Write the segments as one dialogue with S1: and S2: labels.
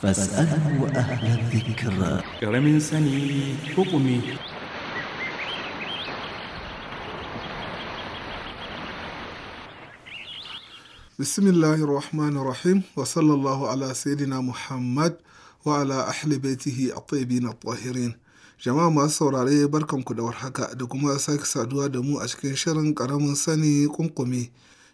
S1: فاسأله أهل الذكر كرم سني حكمي بسم الله الرحمن الرحيم وصلى الله على سيدنا محمد وعلى أهل بيته الطيبين الطاهرين جماعة ما saurare barkanku da warhaka da kuma sake saduwa da mu a cikin shirin ƙaramin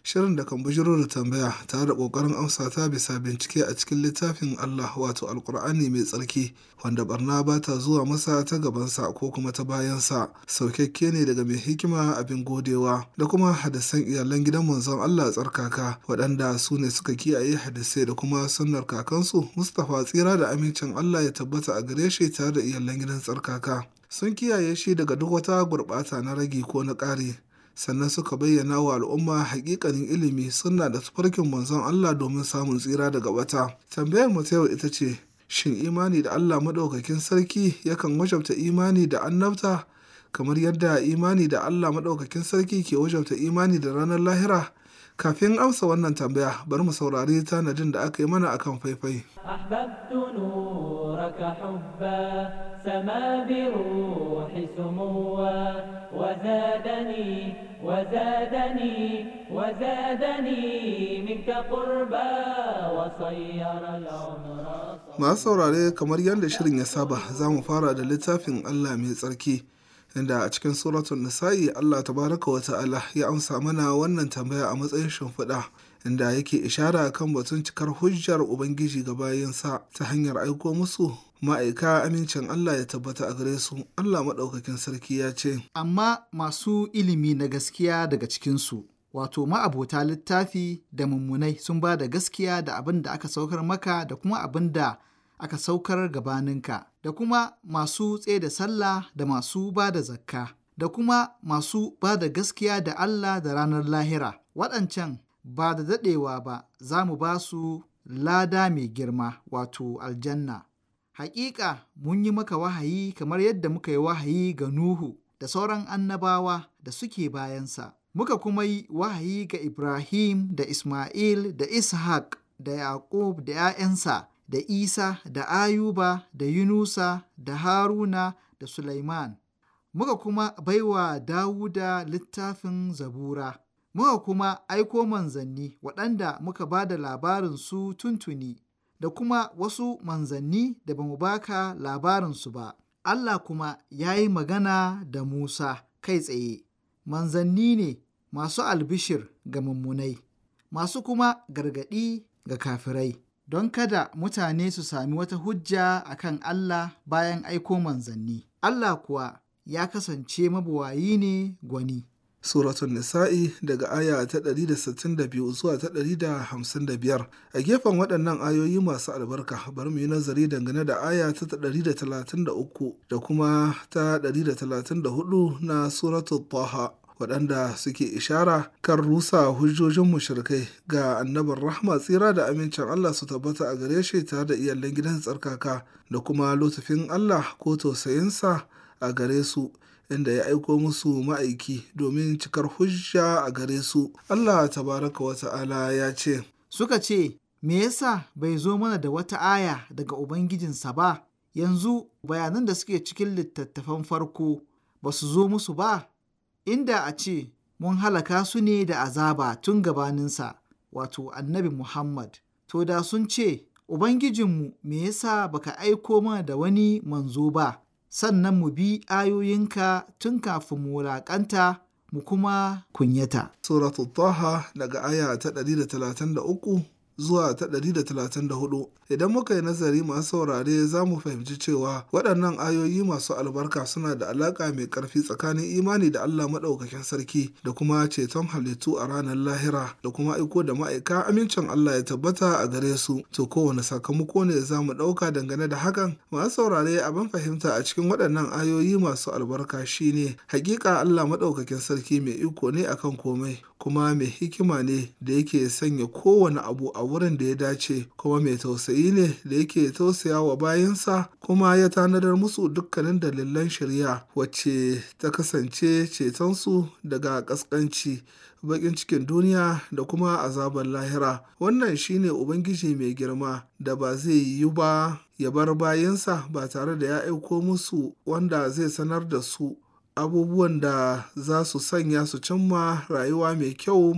S1: shirin da kan bujiro da tambaya tare da ƙoƙarin amsa ta bisa bincike a cikin littafin Allah wato alkur'ani mai tsarki wanda barna ba ta zuwa masa ta gabansa ko kuma ta bayansa saukakke ne daga mai hikima abin godewa da kuma hadisan iyalan gidan manzon Allah tsarkaka waɗanda su ne suka kiyaye hadisai da kuma sunnar kakansu Mustapha tsira da amincin Allah ya tabbata a gare shi tare da iyalan gidan tsarkaka sun kiyaye shi daga duk wata gurɓata na ragi ko na ƙari sannan suka bayyana wa al'umma hakikanin ilimi suna da tufarkin manzon Allah domin samun tsira daga bata tambayar mu ta yau ita ce shin imani da Allah madaukakin sarki yakan wajabta imani da annabta kamar yadda imani da Allah madaukakin sarki ke wajabta imani da ranar lahira kafin amsa wannan tambaya bari mu saurari tanadin da aka yi mana akan faifai سما بروح سموا وزادني وزادني وزادني منك قربا وصير العمر masu saurare kamar yadda shirin ya saba za mu fara da littafin Allah mai tsarki inda a cikin suratun nisa'i Allah tabaraka wa ta'ala ya amsa mana wannan tambaya a matsayin shimfiɗa inda yake ishara kan batun cikar hujjar Ubangiji ga bayansa ta hanyar aiko musu ma'aika amincin Allah ya tabbata a gare su
S2: Allah maɗaukakin sarki ya ce amma masu ilimi na gaskiya daga cikinsu wato ma'abota littafi da mummunai sun ba da gaskiya da abin da aka saukar maka da kuma abin da aka saukar gabaninka da kuma masu tse da sallah da masu ba da zakka da kuma masu ba da gaskiya da Allah da ranar lahira waɗancan ba da daɗewa ba za mu ba su lada mai girma wato aljanna Haƙiƙa mun yi maka wahayi kamar yadda muka yi wahayi ga Nuhu da sauran annabawa da suke bayansa. Muka kuma yi wahayi ga Ibrahim da Ismail da Ishaq da Yaƙub da ‘ya'yansa da Isa da Ayuba da Yunusa da Haruna da Sulaiman. muka kuma baiwa Dawuda littafin zabura, muka kuma aiko manzanni waɗanda muka ba da labarinsu tuntuni da kuma wasu manzanni da ba mu baka labarinsu ba. Allah kuma ya yi magana da Musa kai tsaye, manzanni ne masu albishir ga mummunai, masu kuma gargaɗi ga kafirai, don kada mutane su sami wata hujja a kan Allah bayan aiko manzanni. Allah kuwa ya kasance mabuwayi ne gwani. suratun nisa'i
S1: daga aya ta 162 zuwa ta 155 a gefen waɗannan ayoyi masu albarka bari mu yi nazari dangane da aya ta 133 da kuma ta 134 na suratun taha waɗanda suke ishara kan rusa hujjojin mushrikai ga annabar rahma tsira da amincin Allah su tabbata a gare shi tare da iyalan gidan tsarkaka da kuma lutufin Allah ko tausayinsa a gare su inda ya aiko musu ma'aiki domin cikar hujja a gare
S2: su. Allah tabaraka wa ta'ala ya ce, Suka ce, Me yasa bai zo mana da wata aya daga Ubangijinsa ba, yanzu bayanan da suke cikin littattafan farko ba su zo musu ba, inda a ce mun halaka su ne da azaba tun gabaninsa, wato annabi Muhammad. To da sun ce, Ubangijinmu me yasa baka aiko mana da wani manzo ba, sannan mu bi ayoyinka tun kafin mu wulaƙanta mu kuma kunyata.
S1: Suratu Taha daga aya ta 133 zuwa ta 134 idan muka yi nazari masu saurare za mu fahimci cewa waɗannan ayoyi masu albarka suna da alaƙa mai ƙarfi tsakanin imani da Allah maɗaukakin sarki da kuma ceton halittu a ranar lahira da kuma aiko da ma'aika amincin Allah ya tabbata a gare su to kowane sakamako ne za mu ɗauka dangane da hakan masu saurare abin fahimta a cikin waɗannan ayoyi masu albarka shine hakika Allah maɗaukakin sarki mai iko ne akan komai kuma mai hikima ne da yake sanya kowane abu a wurin da ya dace kuma mai tausayi ne da yake tausaya wa bayansa kuma ya tanadar musu dukkanin dalilan shari'a wacce ta kasance cetonsu daga ƙasƙanci baƙin cikin duniya da kuma azabar lahira wannan shine ubangiji mai girma da ba zai yi ba ya bar bayansa ba tare da ya aiko musu wanda zai sanar da su abubuwan da za su sanya su cimma rayuwa mai kyau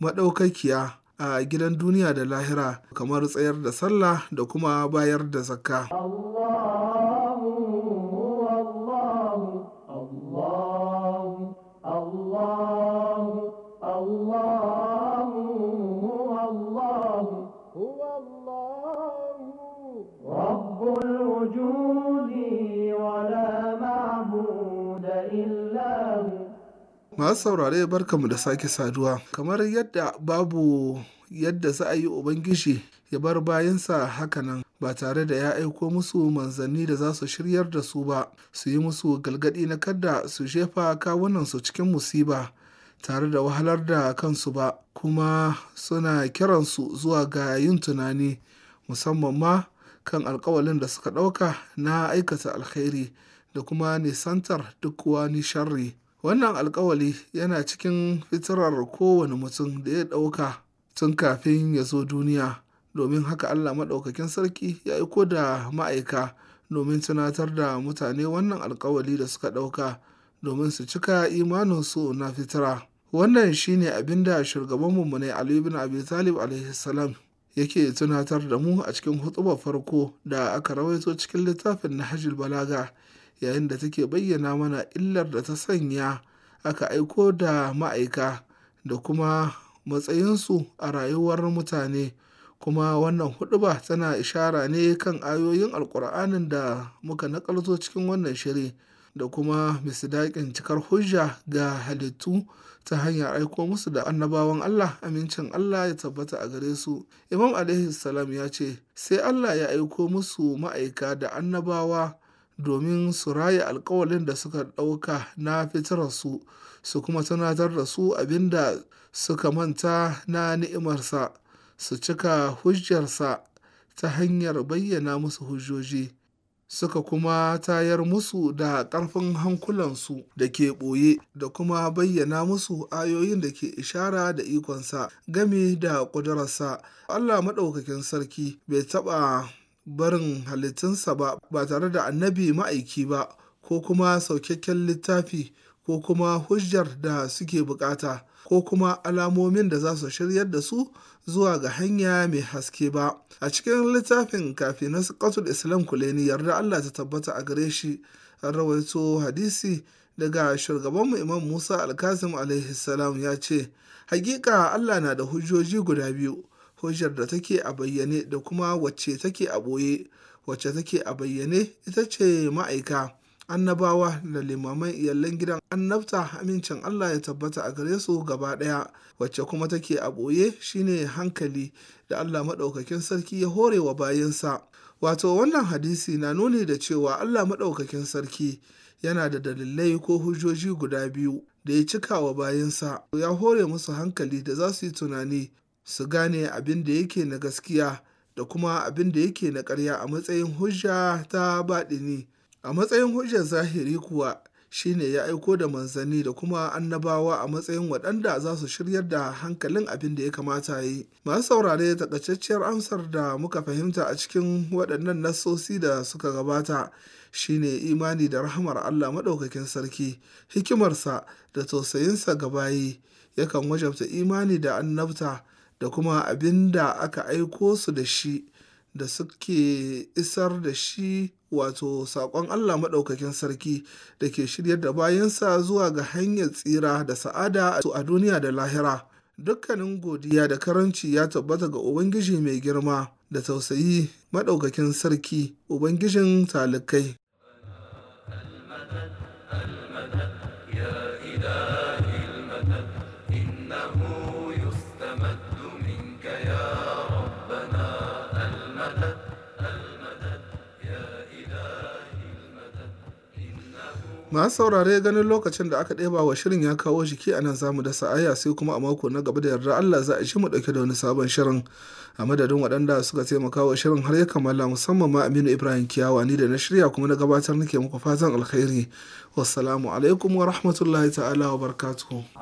S1: maɗaukakiya a gidan duniya da lahira kamar tsayar da sallah da kuma bayar da zakka. masu saurare barkamu da sake saduwa kamar yadda babu yadda za a yi ubangiji ya bar bayansa hakanan ba tare da ya aiko musu manzanni da za su shiryar da su ba su yi musu galgadi na kadda su jefa kawunansu cikin musiba tare da wahalar da kansu ba kuma suna kiransu zuwa ga yin tunani musamman ma kan alkawalin da suka ɗauka na aikata alkhairi da kuma nisantar duk wani sharri Wannan alkawali yana cikin fitirar kowane mutum da ya ɗauka tun kafin ya zo duniya, domin haka Allah Maɗaukakin Sarki ya aiko da ma'aika domin tunatar da mutane wannan alkawali da suka ɗauka domin su cika imaninsu na fitira. Wannan shine ne abin da shugaban mummunai Ali bin Abi Talib salam yake tunatar da mu a cikin hutubar farko da aka rawaito cikin littafin Nahjul Balaga. yayin da take bayyana mana illar da ta sanya aka aiko da ma'aika da kuma matsayinsu a rayuwar mutane kuma wannan huɗuba tana ishara ne kan ayoyin alkur'anin da muka nakalto cikin wannan shiri da kuma misdaƙin cikar hujja ga halittu ta hanyar aiko musu da annabawan Allah amincin Allah ya tabbata a gare su Imam alaihi salam ya ce sai Allah ya aiko musu ma'aika da annabawa domin su raya alkawalin da suka ɗauka na fitararsu su kuma tunatar da su abin da suka manta na ni'imarsa su cika hujjarsa ta hanyar bayyana musu hujjoji suka kuma tayar musu da ƙarfin hankulansu da ke ɓoye da kuma bayyana musu ayoyin da ke ishara da ikonsa game da ƙudurarsa Allah maɗaukakin sarki bai taɓa barin halittunsa ba ba tare da annabi ma'aiki ba ko kuma saukakken littafi ko kuma hujjar da suke bukata ko kuma alamomin da za su shiryar da su zuwa ga hanya mai haske ba a cikin littafin kafin na sakatul islam kuleni yarda allah ta tabbata a gare shi an rawaito hadisi daga shugabanmu imam musa alkasim alaihi salam ya ce hakika allah na da hujjoji guda biyu hujjar da take a bayyane da kuma wacce take a ɓoye wacce take a bayyane ita ce ma'aika annabawa da limaman iyalan gidan annabta amincin Allah ya tabbata a gare su gaba ɗaya wacce kuma take a ɓoye shine hankali da Allah maɗaukakin sarki ya hore wa bayansa wato wannan hadisi na nuni da cewa Allah maɗaukakin sarki yana da dalilai ko hujjoji guda biyu da ya cika wa bayansa ya hore musu hankali da za su yi tunani su gane abin da yake na gaskiya da kuma abin da yake na karya a matsayin hujja ta baɗini a matsayin hujjar zahiri kuwa shine ya aiko da manzanni da kuma annabawa a matsayin waɗanda za su shiryar da hankalin abin da ya kamata yi masu saurare takaitacciyar amsar da muka fahimta a cikin waɗannan nasosi da suka gabata shine imani da rahamar Allah maɗaukakin sarki hikimarsa da tausayinsa ga bayi yakan wajabta imani da annabta da kuma abin da aka aiko su da shi da suke isar da shi wato saƙon Allah maɗaukakin sarki da ke shiryar da bayansa zuwa ga hanyar tsira da sa'ada a duniya da lahira. Dukkanin godiya da karanci ya tabbata ga Ubangiji mai girma da tausayi maɗaukakin sarki, Ubangijin talikai. masu saurare ganin lokacin da aka ɗeba wa shirin ya kawo jiki a nan zamu dasa aya sai kuma a mako na gaba da yarda Allah za a ji mu ɗauke da wani sabon shirin a madadin waɗanda suka taimaka wa shirin har ya kammala musamman ma Aminu Ibrahim Kiyawa ni da na shirya kuma na gabatar nake muku fatan alkhairi wassalamu alaikum wa rahmatullahi ta'ala wa barakatuhu